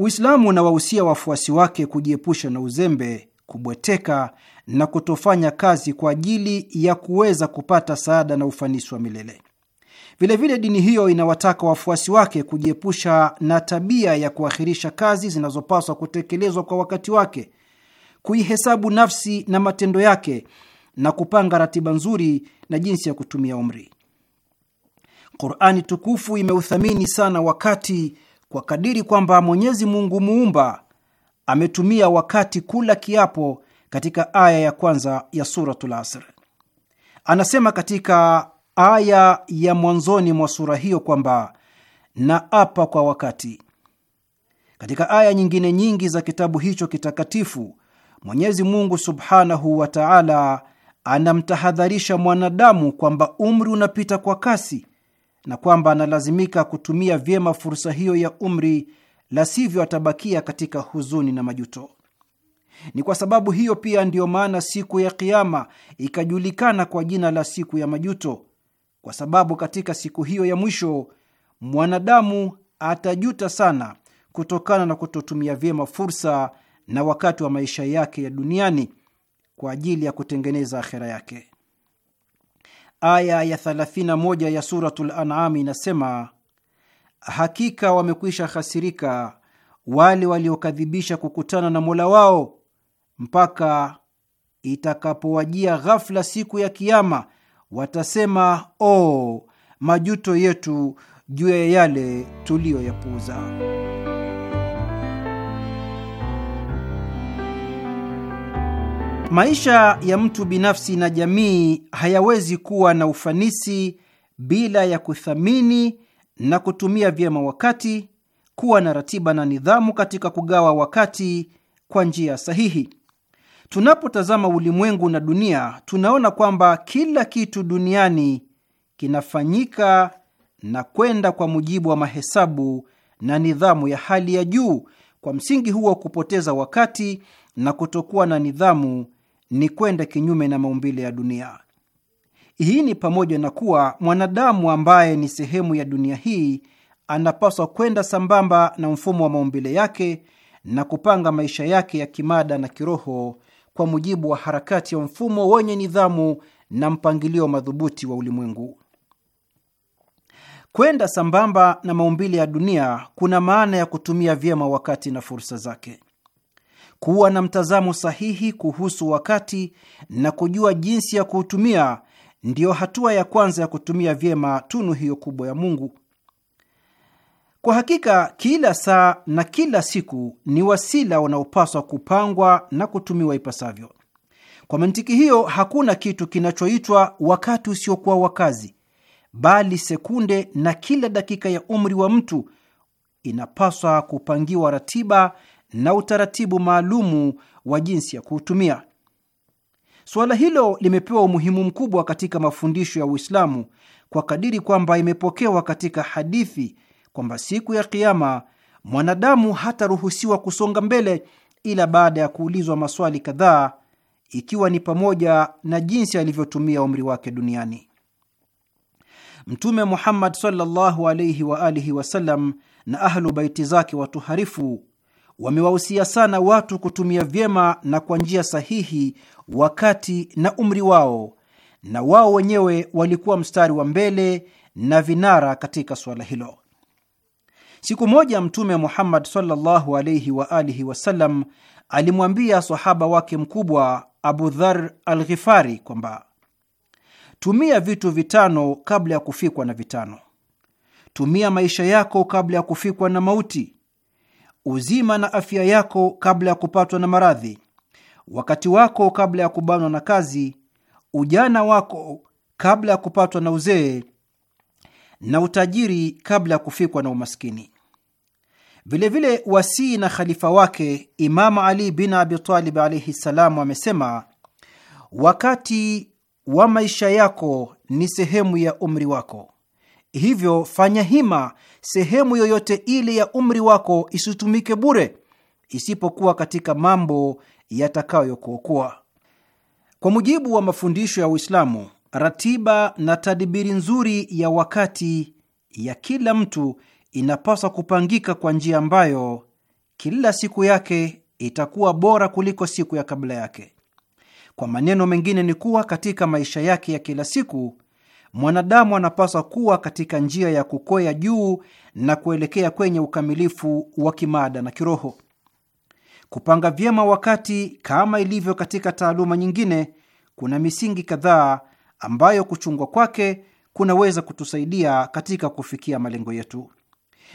Uislamu unawahusia wafuasi wake kujiepusha na uzembe, kubweteka na kutofanya kazi kwa ajili ya kuweza kupata saada na ufanisi wa milele. Vilevile vile dini hiyo inawataka wafuasi wake kujiepusha na tabia ya kuahirisha kazi zinazopaswa kutekelezwa kwa wakati wake, kuihesabu nafsi na matendo yake, na kupanga ratiba nzuri na jinsi ya kutumia umri. Qurani tukufu imeuthamini sana wakati kwa kadiri kwamba Mwenyezi Mungu muumba ametumia wakati kula kiapo katika aya ya kwanza ya Suratul Asr. Anasema katika aya ya mwanzoni mwa sura hiyo kwamba na apa kwa wakati. Katika aya nyingine nyingi za kitabu hicho kitakatifu, Mwenyezi Mungu Subhanahu wa Ta'ala anamtahadharisha mwanadamu kwamba umri unapita kwa kasi na kwamba analazimika kutumia vyema fursa hiyo ya umri, la sivyo atabakia katika huzuni na majuto. Ni kwa sababu hiyo pia ndiyo maana siku ya Kiama ikajulikana kwa jina la siku ya majuto, kwa sababu katika siku hiyo ya mwisho mwanadamu atajuta sana kutokana na kutotumia vyema fursa na wakati wa maisha yake ya duniani kwa ajili ya kutengeneza akhera yake. Aya ya 31 ya Suratul An'am inasema, hakika wamekwisha khasirika wale waliokadhibisha kukutana na Mola wao mpaka itakapowajia ghafla siku ya Kiama, watasema o oh, majuto yetu juu ya yale tuliyoyapuuza. Maisha ya mtu binafsi na jamii hayawezi kuwa na ufanisi bila ya kuthamini na kutumia vyema wakati, kuwa na ratiba na nidhamu katika kugawa wakati kwa njia sahihi. Tunapotazama ulimwengu na dunia, tunaona kwamba kila kitu duniani kinafanyika na kwenda kwa mujibu wa mahesabu na nidhamu ya hali ya juu. Kwa msingi huo, kupoteza wakati na kutokuwa na nidhamu ni kwenda kinyume na maumbile ya dunia. Hii ni pamoja na kuwa mwanadamu ambaye ni sehemu ya dunia hii anapaswa kwenda sambamba na mfumo wa maumbile yake na kupanga maisha yake ya kimada na kiroho kwa mujibu wa harakati ya mfumo wenye nidhamu na mpangilio madhubuti wa ulimwengu. Kwenda sambamba na maumbile ya dunia kuna maana ya kutumia vyema wakati na fursa zake kuwa na mtazamo sahihi kuhusu wakati na kujua jinsi ya kuutumia ndiyo hatua ya kwanza ya kutumia vyema tunu hiyo kubwa ya Mungu. Kwa hakika kila saa na kila siku ni wasila wanaopaswa kupangwa na kutumiwa ipasavyo. Kwa mantiki hiyo, hakuna kitu kinachoitwa wakati usiokuwa wa kazi, bali sekunde na kila dakika ya umri wa mtu inapaswa kupangiwa ratiba na utaratibu maalumu wa jinsi ya kuutumia. Suala hilo limepewa umuhimu mkubwa katika mafundisho ya Uislamu kwa kadiri kwamba imepokewa katika hadithi kwamba siku ya Kiama mwanadamu hataruhusiwa kusonga mbele ila baada ya kuulizwa maswali kadhaa, ikiwa ni pamoja na jinsi alivyotumia umri wake duniani. Mtume Muhammad sallallahu alaihi wa alihi wasallam na ahlu baiti zake watuharifu wamewahusia sana watu kutumia vyema na kwa njia sahihi wakati na umri wao, na wao wenyewe walikuwa mstari wa mbele na vinara katika suala hilo. Siku moja Mtume Muhammad sallallahu alaihi wa alihi wasallam alimwambia sahaba wake mkubwa Abu Dhar al Ghifari kwamba tumia vitu vitano kabla ya kufikwa na vitano, tumia maisha yako kabla ya kufikwa na mauti, uzima na afya yako kabla ya kupatwa na maradhi, wakati wako kabla ya kubanwa na kazi, ujana wako kabla ya kupatwa na uzee, na utajiri kabla ya kufikwa na umaskini. Vilevile wasii na khalifa wake Imamu Ali bin Abitalib alaihi ssalam amesema, wakati wa maisha yako ni sehemu ya umri wako Hivyo fanya hima sehemu yoyote ile ya umri wako isitumike bure, isipokuwa katika mambo yatakayokuokoa. Kwa mujibu wa mafundisho ya Uislamu, ratiba na tadibiri nzuri ya wakati ya kila mtu inapaswa kupangika kwa njia ambayo kila siku yake itakuwa bora kuliko siku ya kabla yake. Kwa maneno mengine, ni kuwa katika maisha yake ya kila siku mwanadamu anapaswa kuwa katika njia ya kukwea juu na kuelekea kwenye ukamilifu wa kimaada na kiroho. Kupanga vyema wakati, kama ilivyo katika taaluma nyingine, kuna misingi kadhaa ambayo kuchungwa kwake kunaweza kutusaidia katika kufikia malengo yetu.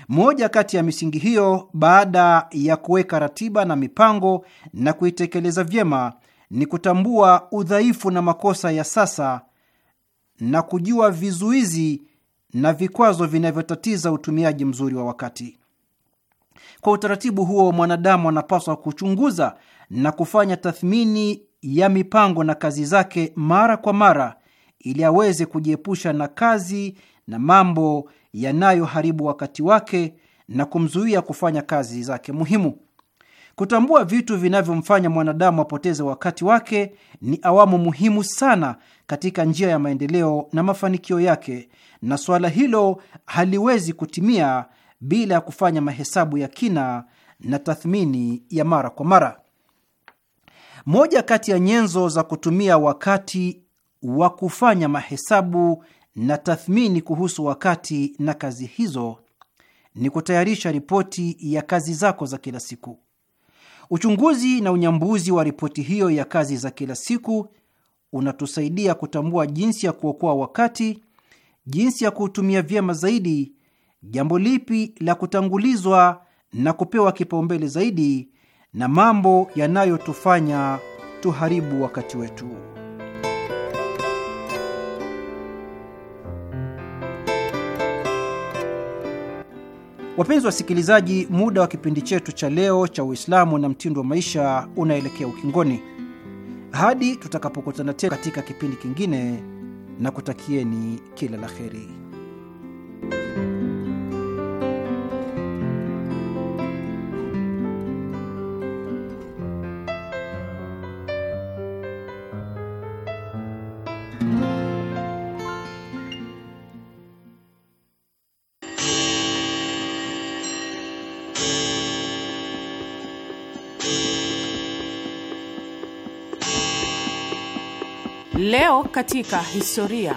Moja kati ya misingi hiyo, baada ya kuweka ratiba na mipango na kuitekeleza vyema, ni kutambua udhaifu na makosa ya sasa na kujua vizuizi na vikwazo vinavyotatiza utumiaji mzuri wa wakati. Kwa utaratibu huo, mwanadamu anapaswa kuchunguza na kufanya tathmini ya mipango na kazi zake mara kwa mara, ili aweze kujiepusha na kazi na mambo yanayoharibu wakati wake na kumzuia kufanya kazi zake muhimu. Kutambua vitu vinavyomfanya mwanadamu apoteze wakati wake ni awamu muhimu sana katika njia ya maendeleo na mafanikio yake, na suala hilo haliwezi kutimia bila ya kufanya mahesabu ya kina na tathmini ya mara kwa mara. Moja kati ya nyenzo za kutumia wakati wa kufanya mahesabu na tathmini kuhusu wakati na kazi hizo ni kutayarisha ripoti ya kazi zako za kila siku. Uchunguzi na unyambuzi wa ripoti hiyo ya kazi za kila siku unatusaidia kutambua jinsi ya kuokoa wakati, jinsi ya kuutumia vyema zaidi, jambo lipi la kutangulizwa na kupewa kipaumbele zaidi, na mambo yanayotufanya tuharibu wakati wetu. Wapenzi wasikilizaji, muda wa kipindi chetu cha leo cha Uislamu na mtindo wa maisha unaelekea ukingoni. Hadi tutakapokutana tena katika kipindi kingine, na kutakieni kila la heri. Leo katika historia.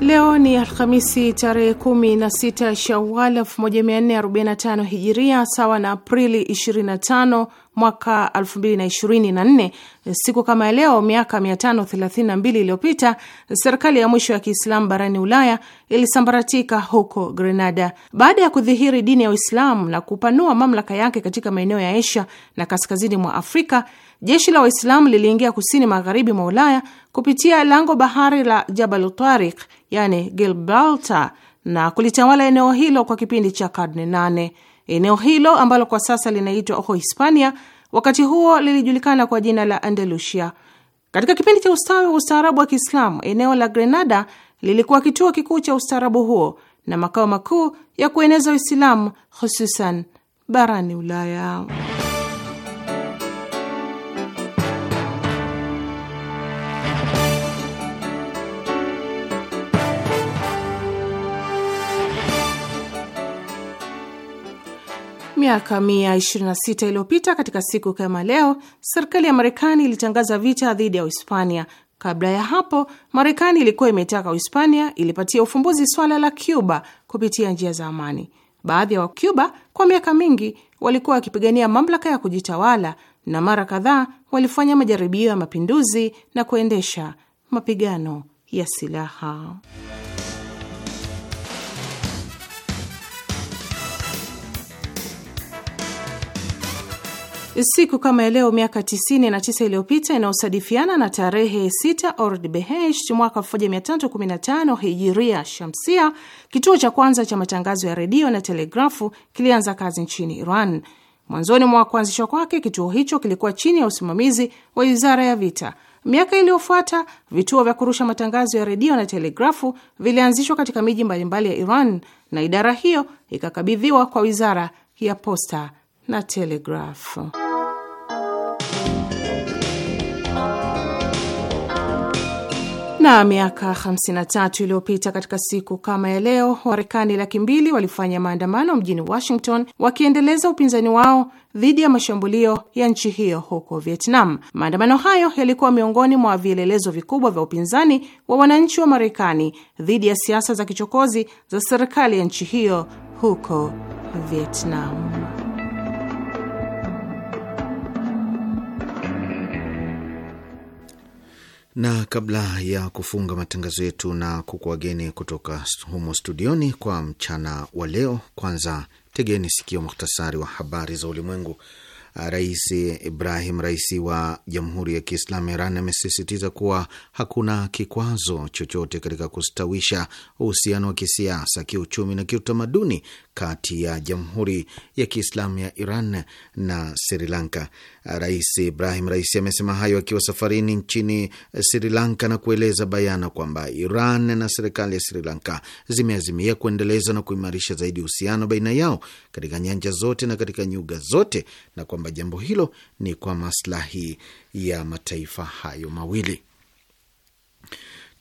Leo ni Alhamisi tarehe 16 Shawal 1445 Hijiria, sawa na Aprili 25 mwaka 2024. Siku kama leo miaka 532 iliyopita serikali ya mwisho ya Kiislamu barani Ulaya ilisambaratika huko Grenada baada ya kudhihiri dini ya Uislamu na kupanua mamlaka yake katika maeneo ya Asia na kaskazini mwa Afrika jeshi la Waislamu liliingia kusini magharibi mwa Ulaya kupitia lango bahari la Jabal Tariq, yani Gibraltar, na kulitawala eneo hilo kwa kipindi cha karne nane. Eneo hilo ambalo kwa sasa linaitwa hispania wakati huo lilijulikana kwa jina la Andalusia. Katika kipindi cha ustawi wa ustaarabu wa Kiislamu, eneo la Grenada lilikuwa kituo kikuu cha ustaarabu huo na makao makuu ya kueneza Uislamu hususan barani Ulaya. Miaka 126 iliyopita katika siku kama leo, serikali ya Marekani ilitangaza vita dhidi ya Uhispania. Kabla ya hapo, Marekani ilikuwa imetaka Uhispania ilipatia ufumbuzi swala la Cuba kupitia njia za amani. Baadhi ya wa Wacuba kwa miaka mingi walikuwa wakipigania mamlaka ya kujitawala na mara kadhaa walifanya majaribio ya mapinduzi na kuendesha mapigano ya silaha. siku kama leo miaka 99 iliyopita inayosadifiana na tarehe 6 Ordibehesht mwaka 1315 hijiria shamsia, kituo cha kwanza cha matangazo ya redio na telegrafu kilianza kazi nchini Iran. Mwanzoni mwa kuanzishwa kwake, kituo hicho kilikuwa chini ya usimamizi wa wizara ya vita. Miaka iliyofuata vituo vya kurusha matangazo ya redio na telegrafu vilianzishwa katika miji mbalimbali ya Iran na idara hiyo ikakabidhiwa kwa wizara ya posta na telegrafu. Na miaka 53 iliyopita katika siku kama ya leo, Warekani laki mbili walifanya maandamano mjini Washington wakiendeleza upinzani wao dhidi ya mashambulio ya nchi hiyo huko Vietnam. Maandamano hayo yalikuwa miongoni mwa vielelezo vikubwa vya upinzani wa wananchi wa Marekani dhidi ya siasa za kichokozi za serikali ya nchi hiyo huko Vietnam. na kabla ya kufunga matangazo yetu na kukuwageni kutoka humo studioni kwa mchana wa leo, kwanza tegeni sikio muhtasari wa habari za ulimwengu. Rais Ibrahim Raisi wa Jamhuri ya Kiislamu Iran amesisitiza kuwa hakuna kikwazo chochote katika kustawisha uhusiano wa kisiasa, kiuchumi na kiutamaduni kati ya Jamhuri ya Kiislamu ya Iran na Sri Lanka. Rais Ibrahim Raisi amesema hayo akiwa safarini nchini Sri Lanka na kueleza bayana kwamba Iran na serikali ya Sri Lanka zimeazimia kuendeleza na kuimarisha zaidi uhusiano baina yao katika nyanja zote na katika nyuga zote na kwamba jambo hilo ni kwa maslahi ya mataifa hayo mawili.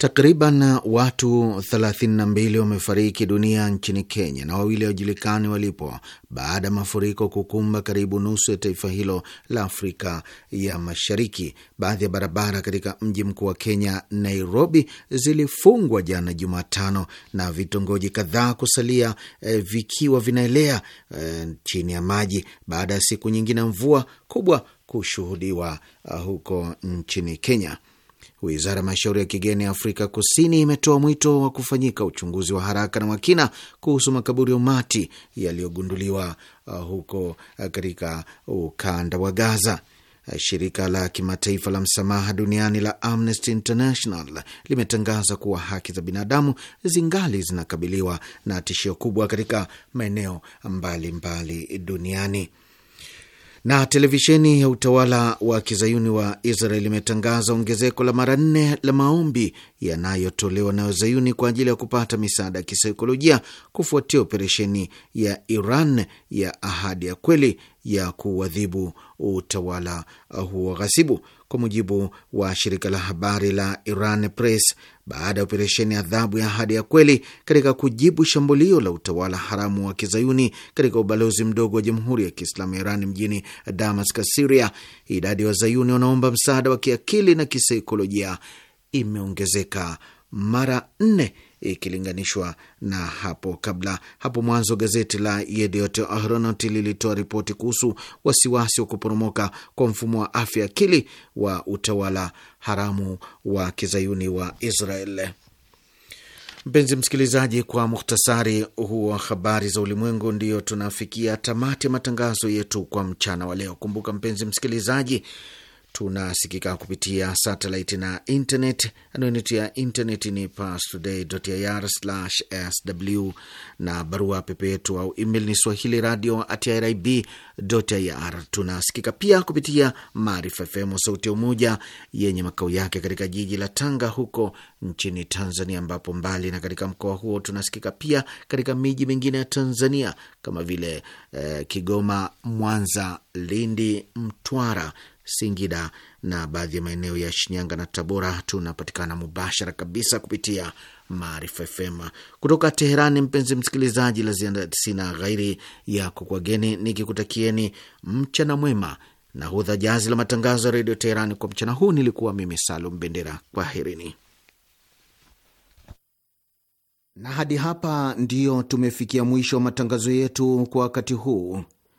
Takriban watu 32 wamefariki dunia nchini Kenya na wawili hawajulikani walipo baada ya mafuriko kukumba karibu nusu ya taifa hilo la Afrika ya Mashariki. Baadhi ya barabara katika mji mkuu wa Kenya, Nairobi, zilifungwa jana Jumatano na vitongoji kadhaa kusalia eh, vikiwa vinaelea eh, chini ya maji baada ya siku nyingine mvua kubwa kushuhudiwa eh, huko nchini Kenya. Wizara ya mashauri ya kigeni ya Afrika Kusini imetoa mwito wa kufanyika uchunguzi wa haraka na wakina kuhusu makaburi ya umati yaliyogunduliwa uh, huko uh, katika ukanda wa Gaza. Uh, shirika la kimataifa la msamaha duniani la Amnesty International limetangaza kuwa haki za binadamu zingali zinakabiliwa na tishio kubwa katika maeneo mbalimbali duniani. Na televisheni ya utawala wa kizayuni wa Israel imetangaza ongezeko la mara nne la maombi yanayotolewa na wazayuni kwa ajili ya kupata misaada ya kisaikolojia kufuatia operesheni ya Iran ya ahadi ya kweli ya kuadhibu utawala huo ghasibu. Kwa mujibu wa shirika la habari la Iran Press, baada ya operesheni adhabu ya ahadi ya kweli katika kujibu shambulio la utawala haramu wa kizayuni katika ubalozi mdogo wa Jamhuri ya Kiislamu ya Iran mjini Damascus, Siria, idadi ya wazayuni wanaomba msaada wa kiakili na kisaikolojia imeongezeka mara nne ikilinganishwa na hapo kabla. Hapo mwanzo gazeti la Yediot Ahronot lilitoa ripoti kuhusu wasiwasi wa kuporomoka kwa mfumo wa afya akili wa utawala haramu wa kizayuni wa Israel. Mpenzi msikilizaji, kwa muhtasari huu wa habari za ulimwengu, ndiyo tunafikia tamati ya matangazo yetu kwa mchana wa leo. Kumbuka mpenzi msikilizaji Tunasikika kupitia satellite na internet. Anwani ya internet ni parstoday.ir/sw na barua pepe yetu au email ni swahili radio at irib.ir. Tunasikika pia kupitia Maarifa FM sauti ya Umoja yenye makao yake katika jiji la Tanga huko nchini Tanzania, ambapo mbali na katika mkoa huo tunasikika pia katika miji mingine ya Tanzania kama vile eh, Kigoma, Mwanza, Lindi, Mtwara Singida na baadhi ya maeneo ya Shinyanga na Tabora. Tunapatikana mubashara kabisa kupitia Maarifa FM kutoka Teherani. Mpenzi msikilizaji, la ziada sina ghairi ya kukwageni nikikutakieni mchana mwema na hudha jazi la matangazo ya redio Teherani kwa mchana huu. Nilikuwa mimi Salum Bendera, kwaherini. Na hadi hapa ndiyo tumefikia mwisho wa matangazo yetu kwa wakati huu.